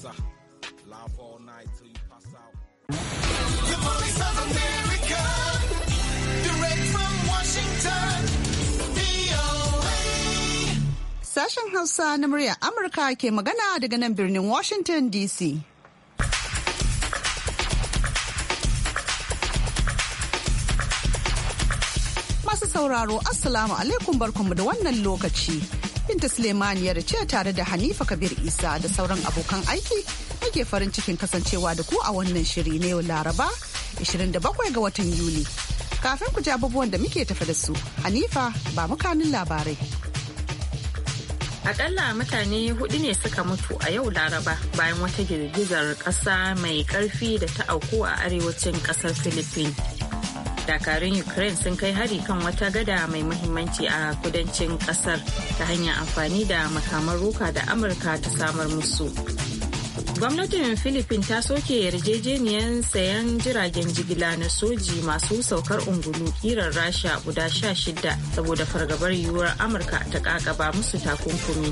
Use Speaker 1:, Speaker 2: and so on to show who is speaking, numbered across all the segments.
Speaker 1: Gaza. Love all night till you pass out.
Speaker 2: The voice of America, direct from Washington,
Speaker 3: Sashen Hausa na murya Amurka ke magana daga nan birnin Washington DC. Masu sauraro, Assalamu alaikum barkanmu da wannan lokaci. Binta ya ce tare da Hanifa Kabir Isa da sauran abokan aiki ake farin cikin kasancewa da ku a wannan shiri na yau Laraba 27 ga watan Yuli. Kafin ku ji abubuwan da muke tafi da su, Hanifa ba mukanin labarai.
Speaker 4: aƙalla mutane hudu ne suka mutu a yau Laraba bayan wata girgizar ƙasa mai ƙarfi da ta auku a arewacin ƙasar Philippines. dakarun ukraine sun kai hari kan wata gada mai muhimmanci a kudancin kasar ta hanyar amfani da makamar ruka da amurka ta samar musu gwamnatin philippines ta soke yarjejeniyar sayan jiragen jigila na soji masu saukar ungulu kiran rasha guda sha shida saboda fargabar yiwuwar amurka ta kakaba musu takunkumi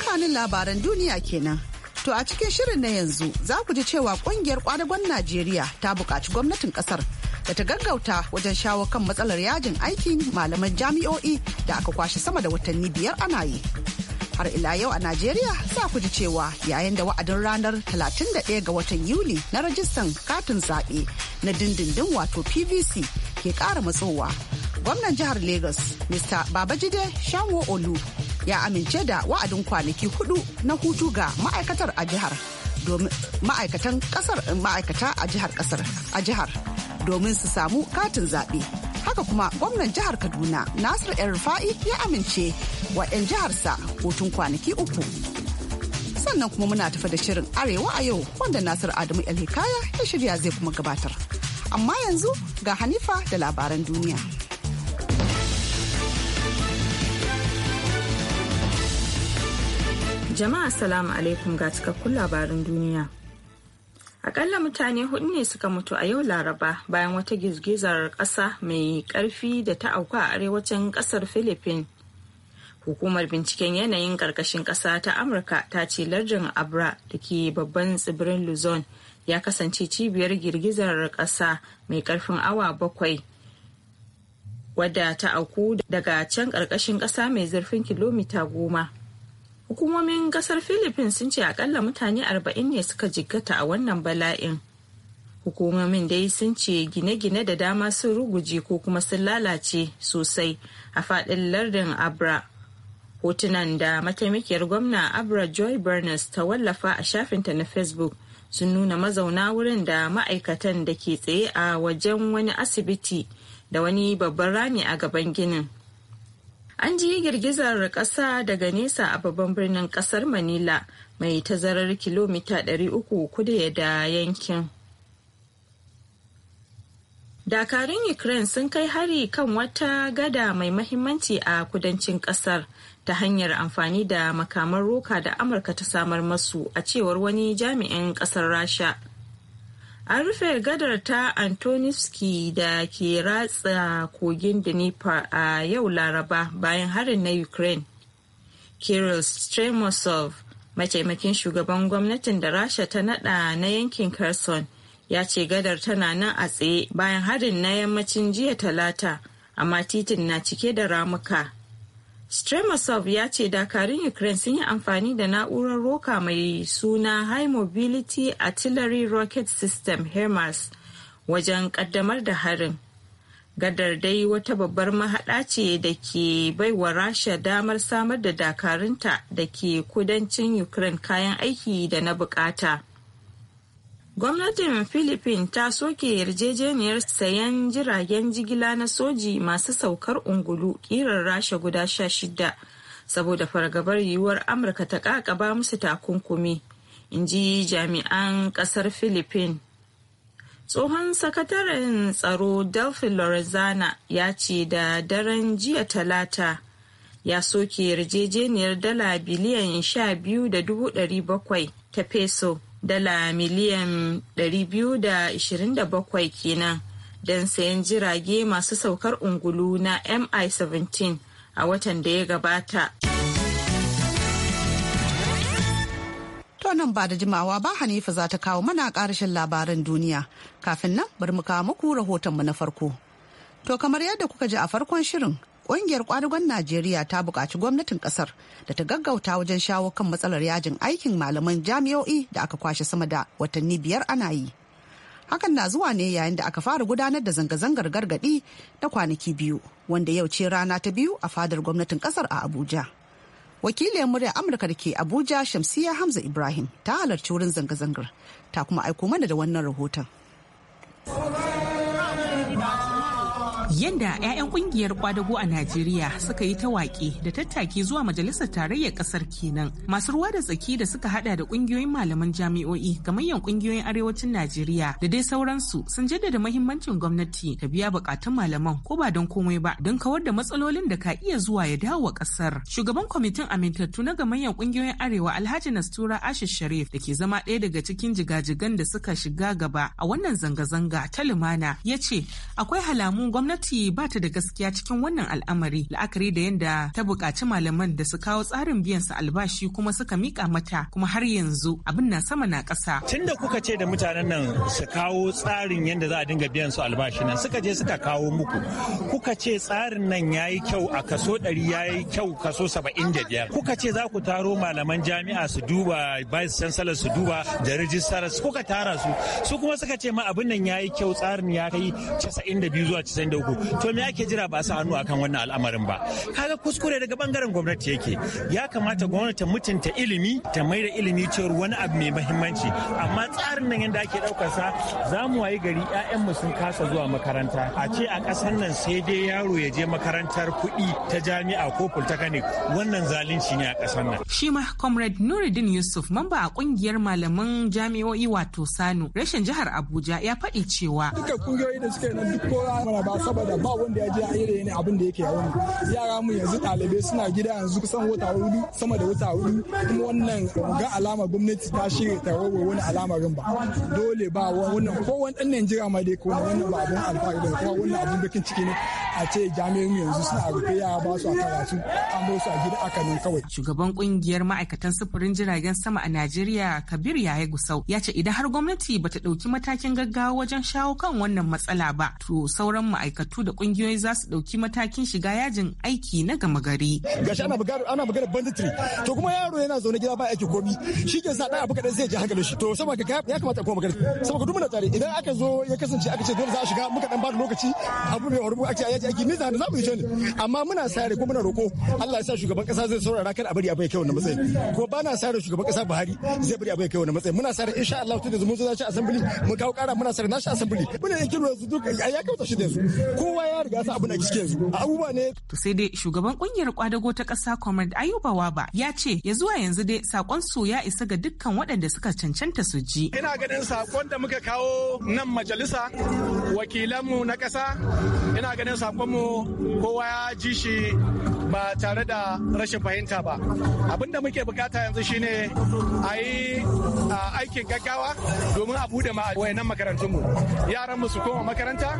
Speaker 3: kanin labaran duniya kenan To a cikin shirin na yanzu za ku ji cewa kungiyar kwadagon Najeriya ta buƙaci gwamnatin ƙasar da ta gaggauta wajen shawo kan matsalar yajin aikin malaman jami'o'i da aka kwashe sama da watanni biyar ana yi. har ila yau a Najeriya za ku ji cewa yayin da wa'adin ranar 31 ga watan Yuli na rajistan katin zaɓe na dindindin wato PVC ke ƙara matsowa. Gwamnan jihar Lagos, Mr. Babajide Shanwo Olu, ya amince da wa'adin kwanaki hudu na hutu ga ma'aikatar a jihar domin ma'aikatan kasar ma'aikata a jihar kasar a jihar domin su samu katin zaɓe. Haka kuma gwamnan jihar Kaduna Nasiru El Rufa'i ya amince wa 'yan jiharsa hutun kwanaki uku. Sannan kuma muna tafa da shirin Arewa a yau wanda Nasiru Adamu El Hikaya ya shirya zai kuma gabatar. Amma yanzu ga Hanifa da labaran duniya. Jama'a salamu alaikum
Speaker 4: ga cikakkun labarin duniya. akalla mutane hudu ne suka mutu a yau laraba bayan wata girgizar kasa mai karfi da ta auku a arewacin kasar philippines hukumar binciken yanayin karkashin kasa ta amurka ta ce lardin abra da ke babban tsibirin luzon ya kasance cibiyar girgizar kasa mai karfin awa bakwai wadda ta auku daga can karkashin kasa mai zurfin kilomita goma Hukumomin kasar Philippines sun ce akalla mutane 40 ne suka jikkata a wannan bala'in. Hukumomin dai sun ce gine-gine da dama sun ruguje ko kuma sun lalace sosai a faɗin lardin Abra. Hotunan da mataimakiyar gwamna Abra Joy Berners ta wallafa a shafinta na Facebook sun nuna mazauna wurin da ma'aikatan da ke tsaye a wajen wani asibiti da wani babban rami a gaban ginin. An ji girgizar ƙasa daga nesa a babban birnin ƙasar Manila mai tazarar kilomita 300 kudu da yankin. dakarun ukraine sun kai hari kan wata gada mai mahimmanci a kudancin ƙasar ta hanyar amfani da makaman roka da amurka ta samar masu a cewar wani jami'in ƙasar rasha an rufe gadar ta antoniski da ke ratsa kogin dnipa a yau laraba bayan harin na ukraine kirill stremosov mataimakin shugaban gwamnatin da rasha ta nada na yankin kherson ya ce gadar tana nan a tsaye bayan harin na yammacin jiya talata amma titin na cike da ramuka Stremasov ya ce dakarun Ukraine sun yi amfani da na'urar roka mai suna High Mobility Artillery Rocket System HIMARS e wajen kaddamar da harin. Gadar dai wata babbar mahaɗa ce da ke baiwa Rasha damar samar da dakarunta da ke kudancin Ukraine kayan aiki da na bukata. Gwamnatin Philippines ta soke yarjejeniyar sayan jiragen jigila na soji masu saukar ungulu kirar rasha guda sha shida saboda fargabar yiwuwar Amurka ta kakaba musu takunkumi, in ji jami'an kasar Philippines. Tsohon sakataren tsaro delphi Lorenzana ya ce da daren jiya talata ya soke yarjejeniyar dala biliyan sha biyu da dubu ɗari bakwai ta peso. dala miliyan 227 kenan don sayan jirage masu saukar ungulu na mi-17
Speaker 3: a watan da ya gabata. nan ba da jimawa ba Hanifa za ta kawo mana karshen labaran duniya. Kafin nan bari mu kawo muku rahotonmu na farko. To kamar yadda kuka ji a farkon shirin Ƙungiyar ƙwadagon Najeriya ta buƙaci gwamnatin ƙasar da ta gaggauta wajen shawo kan matsalar yajin aikin malaman jami'o'i da aka kwashe sama da watanni biyar ana yi. Hakan na zuwa ne yayin da aka fara gudanar da zanga-zangar gargaɗi na kwanaki biyu, wanda yau ce rana ta biyu a fadar gwamnatin ƙasar a Abuja. wakiliyar muryar amurka da ke abuja shamsiya hamza ibrahim ta halarci wurin zanga-zangar ta kuma aiko mana da wannan rahoton
Speaker 1: Yanda 'ya'yan kungiyar kwadago a Najeriya suka yi waƙe da tattaki zuwa majalisar tarayyar ƙasar kenan. Masu ruwa da tsaki da suka hada da kungiyoyin malaman jami'o'i ga manyan kungiyoyin arewacin Najeriya da dai sauransu sun jaddada mahimmancin gwamnati ta biya bukatun malaman ko ba don komai ba don kawar da matsalolin da ka iya zuwa ya dawo wa ƙasar. Shugaban kwamitin amintattu na manyan kungiyoyin arewa Alhaji Nastura Ashish Sharif da ke zama ɗaya daga cikin jigajigan da suka shiga gaba a wannan zanga-zanga ta lumana ya ce akwai halamun gwamnati gwamnati ba ta da gaskiya cikin wannan al'amari la'akari da yadda ta buƙaci malaman da su kawo tsarin biyan su albashi kuma suka mika mata kuma har yanzu abin na sama na ƙasa. Tunda
Speaker 5: kuka ce da mutanen nan su kawo tsarin yadda za a dinga biyan su albashi nan suka je suka kawo muku kuka ce tsarin nan ya yi kyau a kaso ɗari ya yi kyau kaso saba'in da biyar kuka ce za ku taro malaman jami'a su duba vice chancellor su duba da su kuka tara su su kuma suka ce ma abin nan ya yi kyau tsarin ya kai 92 zuwa tomi to me ake jira ba sa hannu akan wannan al'amarin ba kaga kuskure daga bangaren gwamnati yake ya kamata gwamnati ta mutunta ilimi ta mai da ilimi cewar wani abu mai mahimmanci amma tsarin nan yadda ake daukar sa za mu wayi gari mu sun kasa zuwa makaranta a ce a ƙasar nan sai dai yaro ya je makarantar kuɗi ta jami'a ko polytechnic wannan zalunci ne a ƙasar nan shi ma comrade Nuruddin Yusuf mamba
Speaker 1: a kungiyar malaman jami'o'i wato Sano rashin jihar Abuja ya faɗi cewa
Speaker 5: duka kungiyoyi da suke nan duk kowa ba saba abada ba wanda ya je a irin ne abin da yake yawon yara mu yanzu ɗalibai suna gida yanzu kusan wata hudu sama da wata hudu kuma wannan ga alama gwamnati ta shirya ta rawa wani alamarin ba dole ba wannan ko wani ɗan Najeriya ma dai kuma wannan ba abin alfahari ba kuma wannan abin bakin ciki ne a ce jami'in yanzu suna rufe yara ba su a
Speaker 1: karatu an bar su a gida aka nan kawai. Shugaban kungiyar ma'aikatan sufurin jiragen sama a Najeriya Kabir Yaya Gusau ya ce idan har gwamnati bata ɗauki matakin gaggawa wajen shawo kan wannan matsala ba to sauran ma'aikatan ma'aikatu da kungiyoyi za su ɗauki matakin shiga yajin aiki na gama gari. Gashi ana
Speaker 5: bugar ana bugar banditri. to kuma yaro yana zaune gida ba aiki komi shi ke sa ɗan abu kaɗan zai je hankalin shi to saboda ka ya kamata kuma magana saboda duk muna tare idan aka zo ya kasance aka ce dole za a shiga muka dan ba da lokaci abu mai horubu ake yaji aiki ni za mu yi ne. amma muna sare ko muna roko Allah ya sa shugaban ƙasa zai saurara kan a bari abu kai wannan matsayin ko ba na sare shugaban ƙasa Buhari zai bari abai kai wannan matsayin muna sare insha Allah tun da mun zo za shi assembly mun kawo ƙara muna sare na shi assembly muna yake lura su duk ya kamata shi da su kowa ya riga sa abin da cikin yanzu abubuwa ne to sai dai shugaban
Speaker 1: kungiyar kwadago ta kasa comrade ayuba waba ya ce ya zuwa yanzu dai sakon su ya isa ga dukkan waɗanda suka cancanta su ji
Speaker 6: ina ganin sakon da muka kawo nan majalisa wakilanmu na ƙasa ina ganin saƙonmu kowa ya ji shi ba tare da rashin fahimta ba da muke bukata yanzu shine a yi aikin gaggawa domin a bude ma'a wayannan makarantunmu yaran su koma makaranta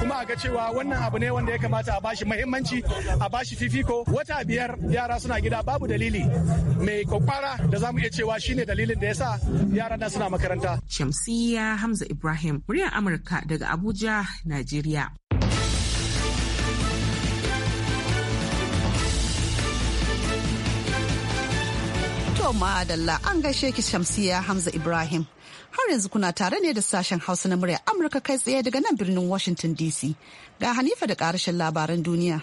Speaker 6: kuma a ga cewa wannan abu ne wanda ya kamata a bashi muhimmanci a bashi fifiko wata biyar yara suna gida babu dalili mai kwakwara da zamu iya cewa shine dalilin da yasa yara na suna makaranta
Speaker 1: shamsiya hamza ibrahim muryar amurka daga
Speaker 3: abuja najeriya To ma an gaishe ki Shamsiya Hamza Ibrahim. har yanzu kuna tare ne da sashen hausa na murya amurka kai tsaye daga nan birnin washington dc ga hanifa da karashin labaran duniya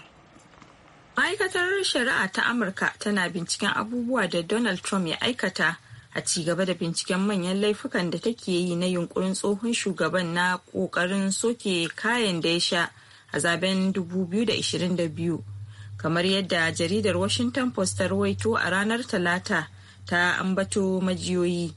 Speaker 4: ma'aikatar shari'a ta amurka tana binciken abubuwa da donald trump ya aikata a ci gaba da binciken manyan laifukan da take yi na yunkurin tsohon shugaban na kokarin soke kayan da ya sha a zaben 2022 kamar yadda jaridar washington post ta rawaito a ranar talata ta ambato majiyoyi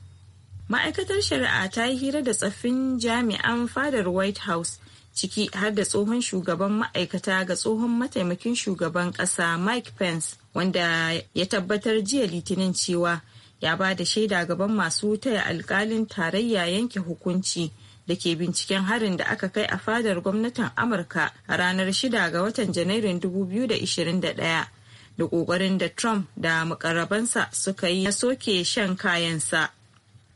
Speaker 4: ma'aikatar shari'a ta yi hira da tsaffin jami'an fadar white house ciki har da tsohon shugaban ma'aikata ga tsohon mataimakin shugaban ƙasa mike pence wanda ya tabbatar jiya litinin cewa ya ba da shaida gaban masu taya alkalin tarayya yanke hukunci da ke binciken harin da aka kai a fadar gwamnatin amurka a ranar 6 ga watan janairun 2021 da ƙoƙarin da trump da makarabansa suka yi na soke shan kayansa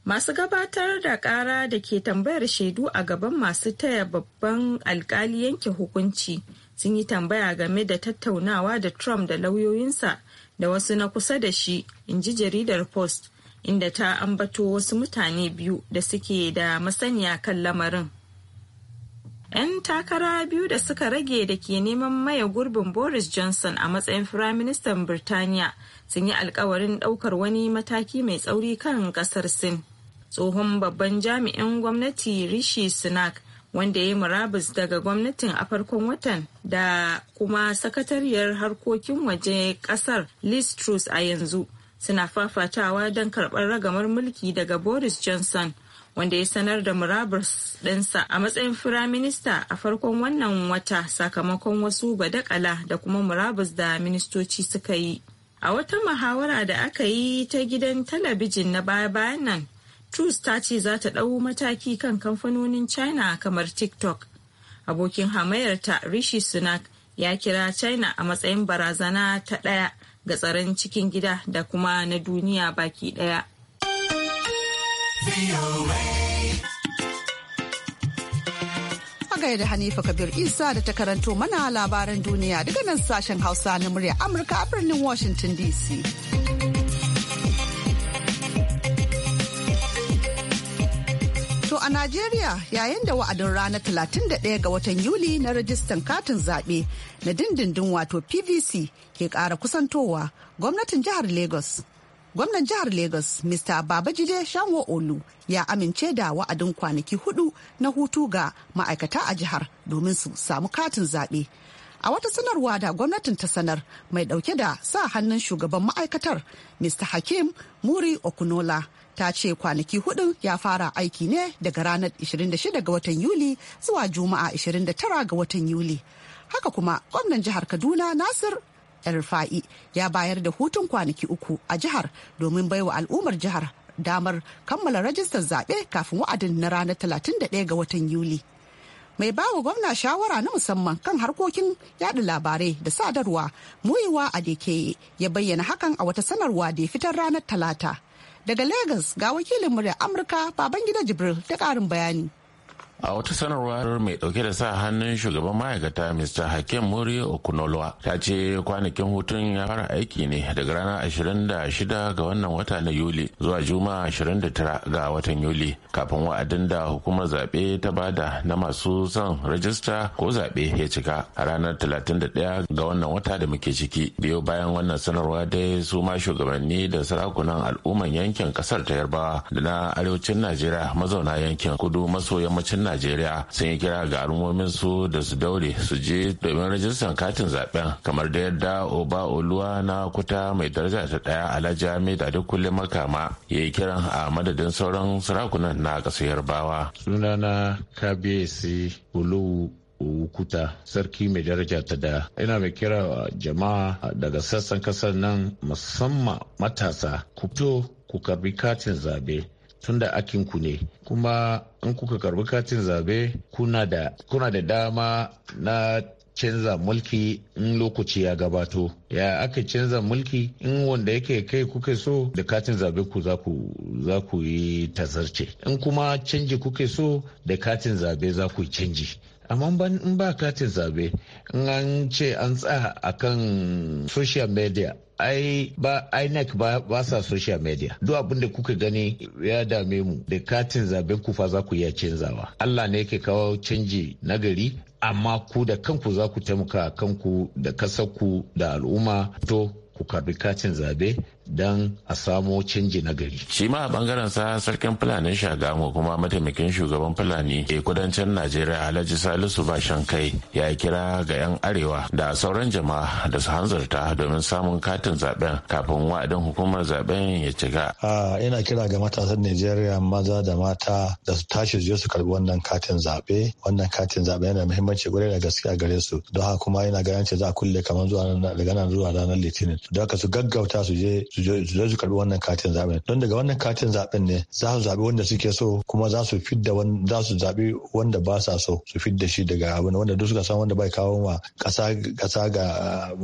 Speaker 4: masu gabatar da kara da ke tambayar shaidu a gaban masu taya babban alkali yanke hukunci sun yi tambaya game da tattaunawa da trump da lauyoyinsa da wasu na kusa da shi in ji jaridar post inda ta ambato wasu mutane biyu da suke da masaniya kan lamarin 'yan takara biyu da suka rage da ke neman maye gurbin boris johnson a matsayin firaministan birtaniya sun yi alkawarin ɗaukar wani mataki mai tsauri kan ƙasar sin tsohon babban jami'in gwamnati rishi sunak wanda ya yi murabus daga gwamnatin a farkon watan da kuma sakatariyar harkokin waje kasar liz truss a yanzu suna fafatawa don karɓar ragamar mulki daga boris johnson wanda ya sanar da murabus ɗinsa a matsayin firaminista a farkon wannan wata sakamakon wasu badakala da kuma murabus da ministoci suka yi a wata muhawara da aka yi ta gidan talabijin na baya-bayan nan Truth ta ce za ta ɗau mataki kan kamfanonin China kamar TikTok. Abokin hamayarta Rishi Sunak ya kira China a matsayin barazana ta ɗaya ga tsaron cikin gida da kuma na duniya baki ɗaya.
Speaker 3: da Hanifa Kabir Isa da ta karanto mana labaran duniya daga nan sashen Hausa na murya Amurka a birnin Washington DC. Najeriya yayin da wa'adin ranar 31 ga watan Yuli na rajistan katin zaɓe na dindindin wato PVC ke ƙara kusantowa gwamnatin jihar Lagos. Gwamnan jihar Lagos, Mr. Babajide Shanwo Olu, ya amince da wa'adin kwanaki hudu na hutu ga ma'aikata a jihar domin su samu katin zaɓe. a wata sanarwa da gwamnatin ta sanar mai dauke da sa hannun shugaban ma'aikatar mr hakim muri okunola ta ce kwanaki hudu ya fara aiki ne daga ranar 26 ga watan yuli zuwa juma'a 29 ga watan yuli haka kuma gwamnan jihar kaduna nasir rufa'i ya bayar da hutun kwanaki uku a jihar domin baiwa al'ummar jihar damar kammala rajistar zaɓe kafin wa'adin na ranar 31 ga watan yuli mai bawa gwamna shawara na musamman kan harkokin yada labarai da sadarwa muyiwa a ya bayyana hakan a wata sanarwa da ya fitar ranar talata Daga Legas ga wakilin murya Amurka Babangida Jibril ta ƙarin bayani.
Speaker 7: a wata sanarwar mai dauke da sa hannun shugaban ma'aikata mr hakim muri okunolwa ta ce kwanakin hutun ya fara aiki ne daga ranar 26 ga wannan wata na yuli zuwa juma'a 29 ga watan yuli kafin wa'adin da hukumar zaɓe ta bada na masu son rajista ko zaɓe ya cika a ranar 31 ga wannan wata da muke ciki biyo bayan wannan sanarwa dai su ma shugabanni da sarakunan al'umman yankin ƙasar ta yarbawa da na arewacin najeriya mazauna yankin kudu maso yammacin najeriya sun yi kira ga al'ummomin su da su daure su je domin rajistan katin zaben kamar da yadda oba oluwa na kuta mai daraja ta daya alhaji da adekunle makama ya yi kiran a madadin sauran sarakunan na ƙasar yarbawa
Speaker 6: sunana kabiyesi uluwu Wukuta sarki mai daraja ta da ina mai kira jama'a daga sassan kasar nan musamman matasa ku fito ku karbi katin zabe tun tunda akinku ne kuma in kuka karbi katin zabe kuna da dama na canza mulki in lokaci ya gabato ya aka canza mulki in wanda yake kai kuke so da katin zabe ku za ku yi tazarce in kuma canji kuke so da katin zabe za ku yi canji amma ban in ba katin zabe in an ce an tsaya kan social media ai ba inec ba, ba sa social media duk abin da kuka gani ya dame mu da katin zaben ku fa za ku iya canzawa allah ne yake kawo canji na gari amma ku da kanku za ku taimaka kanku da ku da al'umma to ku karbi katin zabe don a samo canji na gari.
Speaker 7: Shi ma a bangaren sa sarkin Fulani Shagamu kuma mataimakin shugaban Fulani ke kudancin Najeriya Alhaji Salisu Bashan kai ya yi kira ga 'yan arewa da sauran jama'a da su hanzarta domin samun katin zaben kafin wa'adin hukumar zaben ya cika.
Speaker 6: Ina kira ga matasan Najeriya maza da mata da su tashi zuwa su karbi wannan katin zaɓe. Wannan katin zaɓe yana muhimmanci gwarai da gaskiya gare su. Don haka kuma yana ganin za a kulle kamar zuwa daga nan zuwa ranar Litinin. Don haka su gaggauta su je su je su karbi wannan katin zaben don daga wannan katin zaben ne za su zabi wanda suke so kuma za su fidda za su zabi wanda ba sa so su fidda shi daga abin wanda duk suka san wanda bai kawo ma kasa kasa ga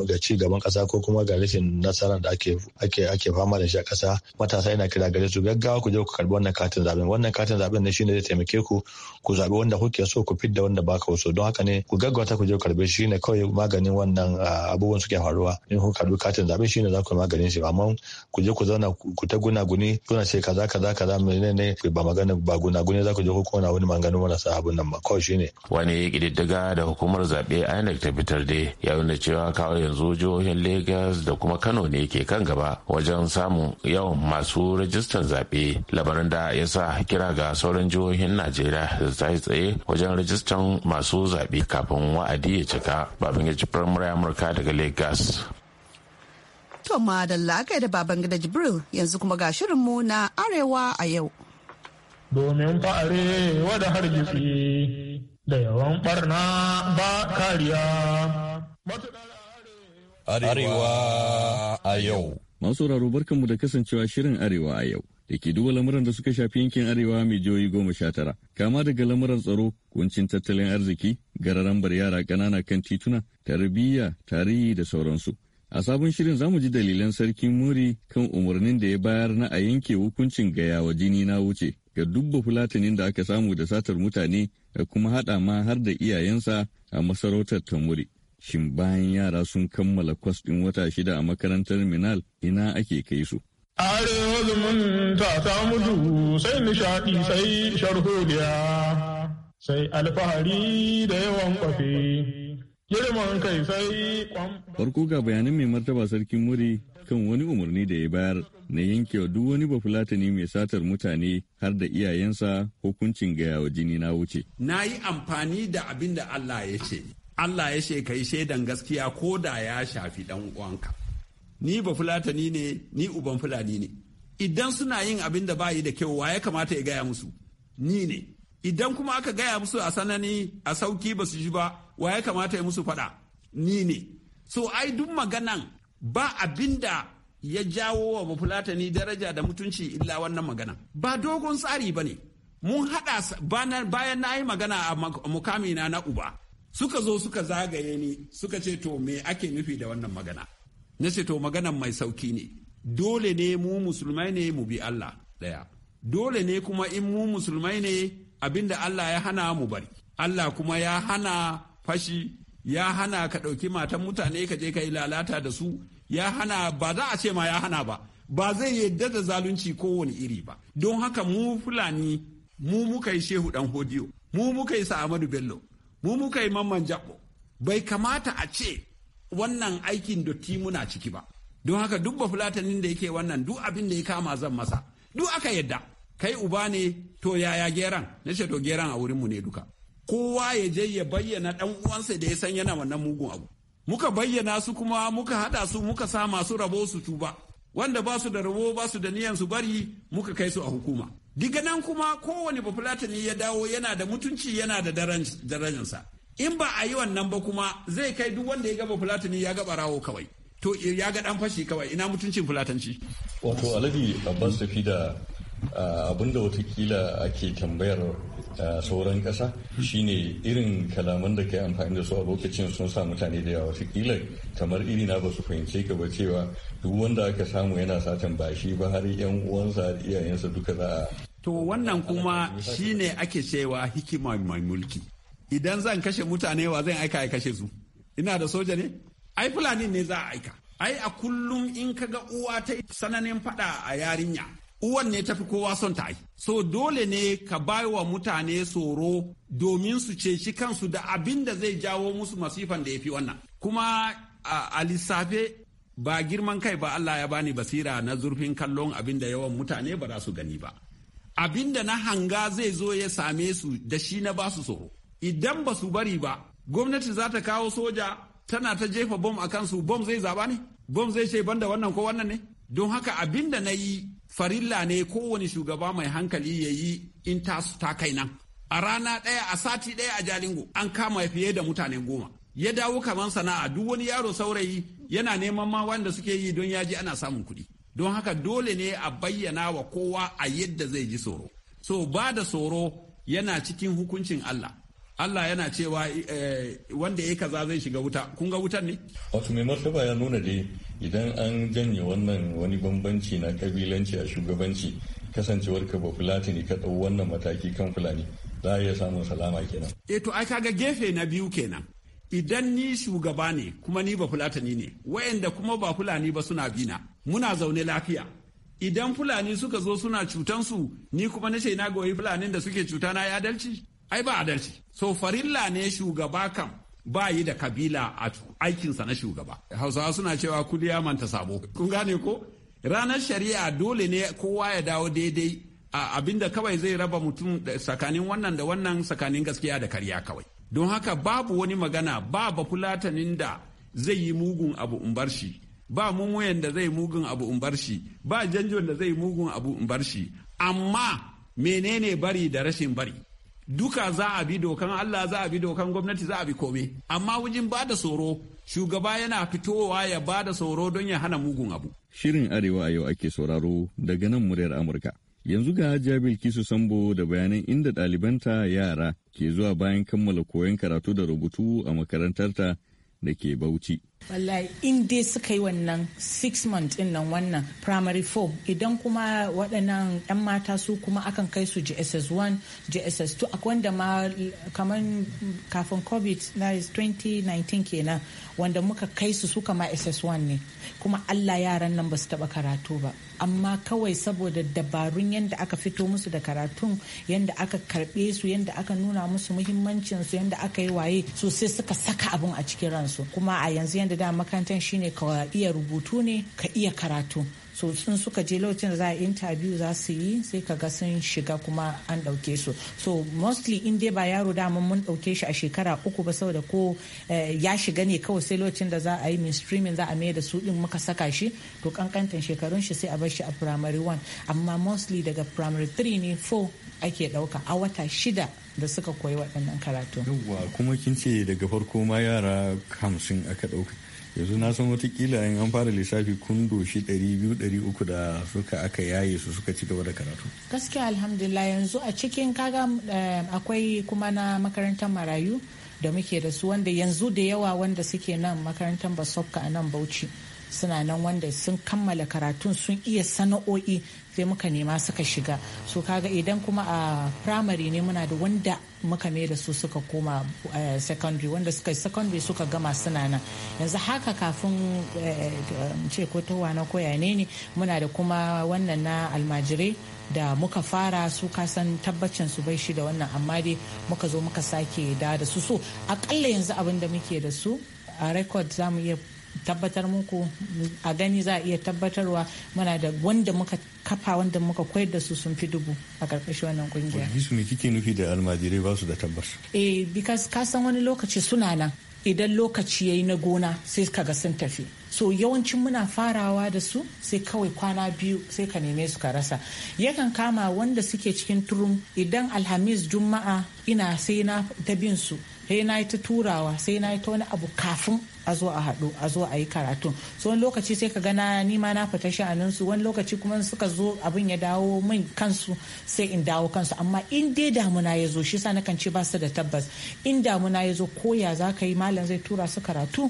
Speaker 6: ga ci gaban kasa ko kuma ga rashin nasara da ake ake ake fama da shi a kasa matasa yana kira gare su gaggawa ku je ku karbi wannan katin zaben wannan katin zaben ne shine zai taimake ku ku zabi wanda kuke so ku fidda wanda ba ka so don haka ne ku gaggauta ku je ku karbi shi ne kawai maganin wannan ah, abubuwan suke faruwa in ku karbi katin zaben shine za ku maganin shi amma ku je ku zauna ku ta gunaguni kuna ce kaza kaza kaza menene ba magana ba gunaguni za ku je ku kona wani maganin wani abun nan ba kawai shine
Speaker 7: wani kididdiga da hukumar zaɓe INEC ta fitar dai ya nuna cewa kawai yanzu jihohin Lagos da kuma Kano ne ke kan gaba wajen samun yawan masu rajistan zaɓe labarin da ya sa kira ga sauran jihohin Najeriya da ta yi tsaye wajen rajistan masu zaɓe kafin wa'adi ya cika babin ya ci firamare Amurka daga Lagos
Speaker 3: To madalla aka da baban gida Jibril yanzu kuma ga shirinmu na Arewa a yau.
Speaker 7: Domin fa'are wada hargitsi da yawan barna ba kariya. Arewa
Speaker 8: a yau. Masu sauraro barkanmu da kasancewa shirin Arewa a yau. Da ke duba lamuran da suka shafi yankin Arewa mai jihohi goma sha tara, kama daga lamuran tsaro, kuncin tattalin arziki, gararan yara ƙanana kan tituna, tarbiyya, tarihi da sauransu. A sabon shirin za mu ji dalilan sarkin muri kan umarnin da ya bayar na a yanke hukuncin gaya wa jini na wuce ga dubba fulatinin da aka samu da satar mutane da kuma haɗa ma har da iyayensa a masarautar ta muri. Shin bayan yara sun kammala kwas ɗin wata shida a makarantar Minal ina ake kai su.
Speaker 7: Arewa ta mutu sai nishaɗi sai sai alfahari da yawan kwafe.
Speaker 8: Farko ga bayanan mai martaba sarkin muri kan wani umarni da ya bayar na yankewa duk wani bafulatani mai satar mutane har da iyayensa hukuncin gaya wa jini na wuce.
Speaker 5: Na yi amfani da abin da Allah ya ce. Allah ya ce ka yi shaidan gaskiya ko da ya shafi dan uwanka. Ni bafulatani ne, ni uban fulani ne. Idan suna yin abin da bayi da kyau wa ya kamata ya gaya musu? Ni ne. Idan kuma aka gaya musu a sanani a sauki ba su ji ba, wa ya kamata ya musu faɗa ni ne so ai duk maganan ba abin da ya jawo wa mafulatani daraja da mutunci illa wannan magana ba dogon tsari ba ne mun haɗa bayan na yi magana a mukamina na uba suka zo suka zagaye ni suka ce to me ake nufi da wannan magana na ce to maganan mai sauki ne dole ne mu musulmai ne mu bi Allah ɗaya dole ne kuma in mu musulmai ne abinda Allah ya hana mu bari Allah kuma ya hana fashi ya hana ka ɗauki matan mutane ka je ka yi lalata da su ya hana ba za a ce ma ya hana ba ba zai yadda da zalunci kowane iri ba don haka mu fulani mu muka yi shehu dan hodiyo mu muka yi sa'amadu bello mu muka yi mamman jabbo bai kamata a ce wannan aikin dotti muna ciki ba don haka duk ba fulatanin da yake wannan duk abin da ya kama zan masa duk aka yadda kai uba ne to yaya geran na ce to geran a wurinmu ne duka kowa ya je ya bayyana dan uwansa da ya san yana wannan mugun abu muka bayyana su kuma muka hada su muka sa masu rabo su tuba wanda ba su da rabo ba su da niyan su bari muka kai su a hukuma diga nan kuma kowane bafulatani ya dawo yana da mutunci yana da darajansa in ba a yi wannan ba kuma zai kai duk wanda ya ga fulatani ya ga barawo kawai to ya ga dan fashi kawai ina mutuncin fulatanci
Speaker 8: wato alhaji abbas tafi da ah, abinda watakila ake tambayar a sauran ƙasa shine irin kalaman da kai amfani da su a lokacin sun sa mutane da yawa watakila kamar iri na ba su fahimce ka ba cewa duk wanda aka samu yana satan ba shi ba har yan uwansa har iyayensa duka za a to
Speaker 5: wannan kuma
Speaker 8: shine ake cewa hikima mai mulki idan zan kashe
Speaker 5: mutane wa zan aika ya kashe su ina da soja ne ai fulani ne za a aika ai a kullum in kaga uwa ta sananin fada a yarinya uwan ne tafi kowa son ta yi. so dole ne ka wa mutane tsoro domin su ceci kansu da abin da zai jawo musu masifan da ya fi wannan kuma a lissafe ba girman kai ba Allah ya bani basira na zurfin kallon abin da yawan mutane ba za su gani ba abin da na hanga zai zo ya same su da shi na ba su tsoro idan ba su bari ba gwamnati za ta kawo soja tana ta jefa bom a kansu bom zai zaba ne bom zai ce banda wannan ko wannan ne don haka abin da na yi farilla ne kowane shugaba mai hankali ya yi in tasu ta kai nan a rana ɗaya a sati ɗaya a jalingo an kama fiye da mutane goma ya dawo kamar sana'a duk wani yaro saurayi yana neman ma wanda suke yi don ya ji ana samun kuɗi don haka dole ne a bayyana wa kowa a yadda zai ji tsoro so ba da tsoro yana cikin hukuncin Allah Allah yana cewa eh, wanda ya kaza zai shiga wuta kun ga wutan ne
Speaker 8: wato mai martaba ya nuna dai idan an janye wannan wani bambanci na kabilanci a shugabanci kasancewar ka ba fulatani ka ɗau wannan mataki kan fulani za a iya samun salama kenan.
Speaker 5: E to ai kaga gefe na biyu kenan. Idan ni shugaba ne kuma ni ba fulatani ne wayanda kuma ba fulani ba suna bina muna zaune lafiya. Idan fulani suka zo suna cutansu ni kuma na ce na goyi fulanin da suke cutana ya adalci? Ai ba adalci. So farilla ne shugaba kam ba yi da kabila a aikinsa na shugaba hausawa suna cewa kuliya manta sabo kun gane ko ranar shari'a dole ne kowa ya dawo daidai a abinda kawai zai raba mutum tsakanin wannan da wannan tsakanin gaskiya da karya kawai don haka babu wani magana ba bafulatanin da zai yi mugun abu in bar shi ba mumuyan da zai mugun abu in bar shi ba janjon da zai mugun abu in bar shi amma menene bari da rashin bari duka za a bi dokan Allah za a bi dokan gwamnati za a bi kome amma wajen ba da tsoro shugaba yana fitowa ya ba da tsoro don ya
Speaker 8: hana mugun abu shirin arewa a yau ake sauraro daga nan muryar amurka yanzu ga hajiya bilkisu sambo da bayanan inda ɗalibanta yara ke zuwa bayan kammala koyon karatu da rubutu a makarantarta da ke bauchi
Speaker 2: wallahi in suka yi wannan six month din nan wannan primary four idan kuma waɗannan 'yan mata su kuma akan kai su jss 1 jss 2 a wanda ma kamar kafin covid na 2019 kenan wanda muka kai su suka ma ss 1 ne kuma allah yaran nan ba su taɓa karatu ba amma kawai saboda dabarun yadda aka fito musu da karatun yadda aka karbe su yadda aka nuna musu muhimmancinsu su yadda aka yi waye sosai suka saka abun a cikin ransu kuma a yanzu da da makarantar shine ka iya rubutu ne ka iya karatu so sun suka je lokacin za a interview za su yi sai ka ga sun shiga kuma an ɗauke su so mostly in dai ba yaro daman mun dauke shi a shekara uku ba saboda ko eh, ya shiga ne kawai sai lokacin da za a yi mainstreaming za a mai da su ɗin muka saka shi to kankantan shekarun shi sai a bar shi a primary one amma mostly daga primary three ne four ake dauka a wata shida da suka koyi waɗannan karatu. Yawwa
Speaker 8: kuma kin ce daga farko ma yara hamsin aka ɗauka. yanzu na san watakila yin an fara lissafi kun doshi 200-300 da suka aka yaye su suka ci gaba da karatu
Speaker 2: gaskiya alhamdulillah yanzu a cikin kaga eh, akwai kuma na makarantar marayu da muke da su wanda yanzu da yawa wanda suke nan makarantar basokka a nan bauchi suna nan wanda sun kammala karatun sun iya sana'o'i sai muka nema suka shiga so kaga idan kuma a primary ne muna da wanda muka mai da su suka koma eh, secondary wanda suka secondary suka gama suna nan yanzu haka kafin eh, ce ko towa na koya ne ne muna da kuma wannan na almajirai da muka fara su kasan tabbacin su bai shi da wannan amma dai muka zo muka sake da da su so akalla yanzu abin da muke da su a record za mu iya tabbatar muku a gani za a iya tabbatarwa muna da wanda muka kafa wanda muka koyar da su sun fi dubu a karkashin wannan kungiya.
Speaker 8: Su ne kike nufi da almajirai ba su da tabbas?
Speaker 2: Eh, because ka san wani lokaci suna nan idan lokaci yayi na gona sai ka ga sun tafi. so yawancin muna farawa da su sai kawai kwana biyu sai ka neme su ka rasa yakan kama wanda suke cikin turum idan alhamis juma'a ina sai na ta bin su sai na ta turawa sai na ta wani abu kafin a zo a haɗu a zo a yi karatu so wani lokaci sai ka gana ni ma na fita sha'anin su wani lokaci kuma suka zo abin ya dawo min kansu sai in dawo kansu amma in dai damuna ya zo shi sa nakan ce ba su da tabbas in damuna ya zo ko ya za ka yi malam zai tura su karatu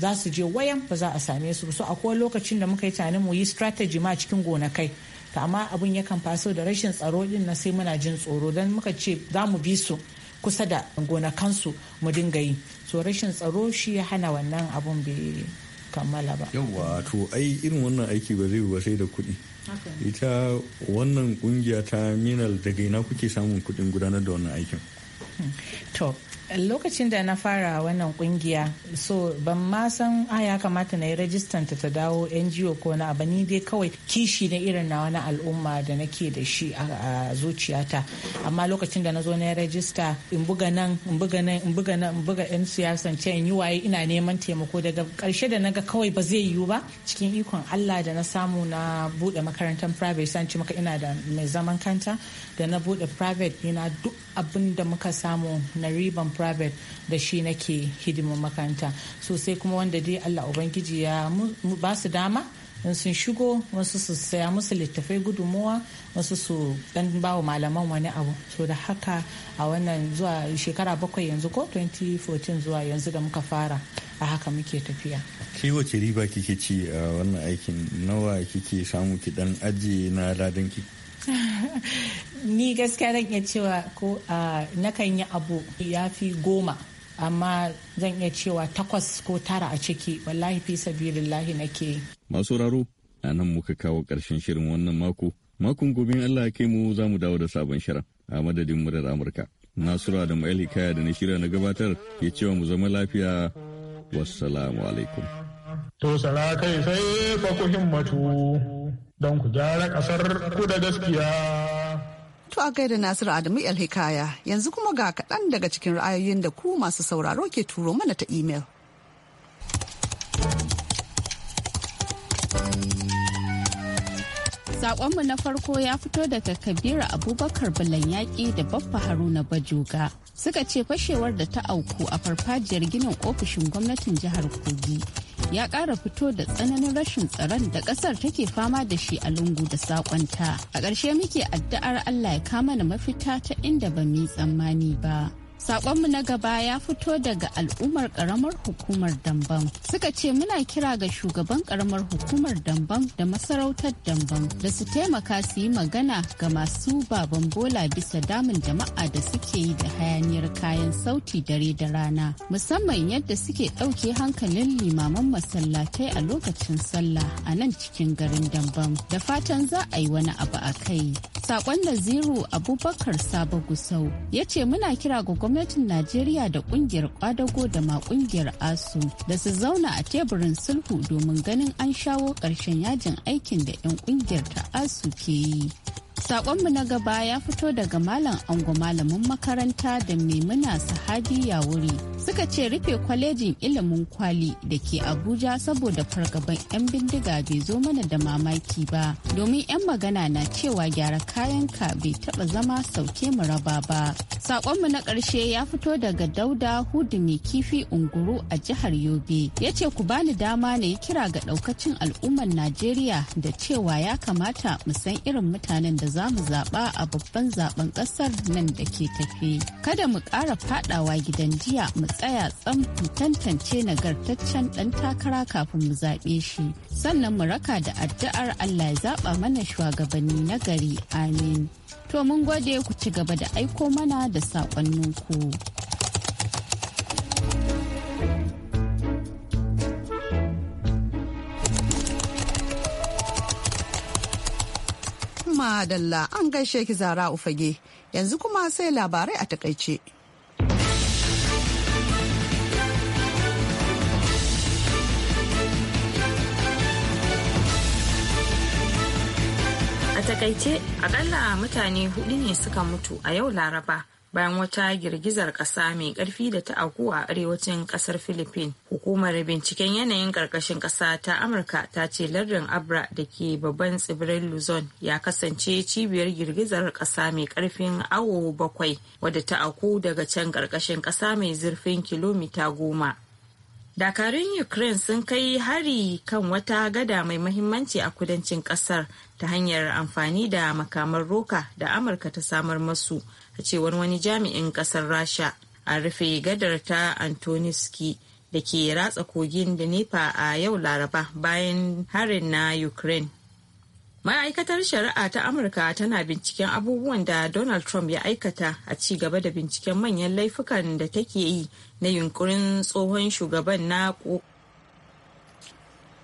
Speaker 2: za su je wayan ba za a same su so akwai lokacin da muka yi tunanin mu yi strategy ma cikin gonakai ta amma abin yakan faso da rashin tsaro din na sai muna jin tsoro dan muka ce za mu bi su kusa da gonakansu mu dinga yi to rashin tsaro shi ya hana wannan abun bai kammala ba yawwa
Speaker 8: to ai irin wannan aiki ba zai ba sai da kuɗi ita wannan kungiya ta minal daga ina kuke samun kuɗin gudanar da wannan aikin
Speaker 2: to lokacin da na fara wannan kungiya so ban ma san a ah, ya kamata na yi rajistan ta dawo ngo ko na abu ni dai kawai kishi na irin na wani al'umma da nake da shi a zuciyata amma lokacin da na zo na yi rajista in buga nan in buga nan in buga yan siyasan ce in yi waye ina neman taimako daga karshe da naga kawai ba zai yiwu ba cikin ikon Allah da na samu na bude makarantar private san ci maka ina da mai zaman kanta da na bude private ina duk abin da muka samu na riban private da shi nake hidimar makaranta sosai kuma wanda dai allah ubangiji ya ba su dama in sun shigo wasu su saya musu littafai gudunmuwa wasu su dan wa malaman wani abu so da haka a wannan zuwa shekara bakwai yanzu ko 2014 zuwa yanzu da muka fara a haka muke tafiya
Speaker 8: ke wace riba kike ci a wannan aikin nawa kike samu ki dan ajiye na ladan
Speaker 2: ni gaskiya zan iya cewa ko nakan yi abu ya fi goma amma zan iya cewa takwas ko tara a ciki wallahi fi sabilillahi nake
Speaker 8: masu raro a nan muka kawo ƙarshen shirin wannan mako makon gobe Allah ya kai mu za mu dawo da sabon shirin a madadin murar Amurka da Adamu Hikaya da na shirya na gabatar ke cewa mu zama lafiya wassalamu alaikum to sai fa ku himmatu don ku gyara ƙasar ku da gaskiya.
Speaker 3: To a gaida Nasiru Adamu hikaya yanzu kuma ga kaɗan daga cikin ra'ayoyin da ku masu sauraro ke turo mana ta imel.
Speaker 9: Saƙonmu na farko ya fito daga Kabiru Abubakar Balanyaki da Baffa Haruna Bajoga. Suka ce fashewar da ta auku a farfajiyar ginin ofishin gwamnatin jihar Kogi. ya ƙara fito da tsananin rashin tsaron da ƙasar take fama da shi a lungu da saƙonta. A ƙarshe muke addu'ar Allah ya kama na mafita ta inda ba mu yi tsammani ba. Sakonmu na gaba ya fito daga al'ummar ƙaramar hukumar Damban. Suka ce muna kira ga shugaban ƙaramar hukumar Damban da masarautar Damban da su taimaka su yi magana ga masu baban bola bisa damun jama'a da suke yi da hayaniyar kayan sauti dare da rana. Musamman yadda suke ɗauke hankalin limaman masallatai a lokacin sallah a nan cikin garin Damban. Da fatan za a yi wani abu a kai. Sakon Naziru Abubakar Sabo Gusau ya ce muna kira ga gwamnatin Najeriya da kungiyar kwadago da ma kungiyar ASU da su zauna a teburin sulhu domin ganin an shawo ƙarshen yajin aikin da 'yan kungiyar ta ASU ke yi. Sakonmu na gaba ya fito daga Malam Ango malamin makaranta da Maimuna ya wuri Suka ce rufe kwalejin ilimin kwali da ke Abuja saboda fargaban 'yan bindiga bai zo mana da mamaki ba. Domin 'yan magana na cewa gyara kayanka bai taba zama sauke mu raba ba. Sakonmu na ƙarshe ya fito daga Dauda Hudu mai kifi unguru a jihar Yobe. Ya ce ku bani dama ne ya kira ga ɗaukacin al'ummar Najeriya da cewa ya kamata mu san irin mutanen da za mu zaɓa a babban zaben ƙasar nan da ke tafe. Kada mu ƙara faɗawa gidan jiya mu tsaya tsam mu tantance nagartaccen ɗan takara kafin mu zaɓe shi. Sannan mu raka da addu'ar Allah ya zaɓa mana shugabanni na gari. Amin. To mun gode ku ci gaba da aiko mana da saƙonninku.
Speaker 3: A Dalla an gaishe ki zara ufage yanzu kuma sai labarai a takaice.
Speaker 4: A takaice akalla mutane hudu ne suka mutu a yau laraba bayan wata girgizar ƙasa mai ƙarfi da ta auku a arewacin ƙasar philippines hukumar binciken yanayin ƙarƙashin ƙasa ta amurka ta ce lardin abra da ke babban tsibirin luzon ya kasance cibiyar girgizar ƙasa mai ƙarfin awo bakwai wadda ta auku daga can ƙarƙashin ƙasa mai zurfin kilomita goma dakarun ukraine sun kai hari kan wata gada mai mahimmanci a kudancin kasar ta hanyar amfani da makamar roka da amurka ta samar masu a cewar wani jami'in kasar rasha a rufe gadar ta antoniski da ke ratsa kogin da nepa a yau laraba bayan harin na ukraine Ma'aikatar Shari'a ta Amurka tana binciken abubuwan da Donald Trump ya aikata a ci gaba da binciken manyan laifukan da take yi na yunkurin tsohon shugaban na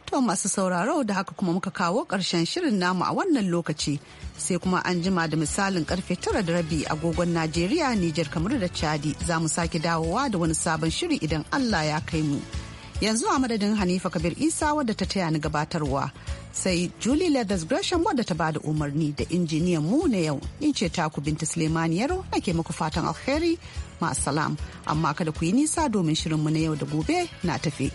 Speaker 3: To masu sauraro da haka kuma muka kawo ƙarshen shirin namu a wannan lokaci sai kuma an jima da misalin karfe tara da rabi agogon Najeriya, Nijar kamar da Chadi za mu sake dawowa da wani sabon shiri idan Allah ya kai mu. yanzu a madadin hanifa kabir isa wadda ta taya ni gabatarwa sai julie leathers gresham wadda ta bada umarni da injiniyan mu na yau in ce taku binta suleiman yaro nake muku fatan alheri ma'asalam amma kada ku yi nisa domin shirinmu na yau da gobe na tafi.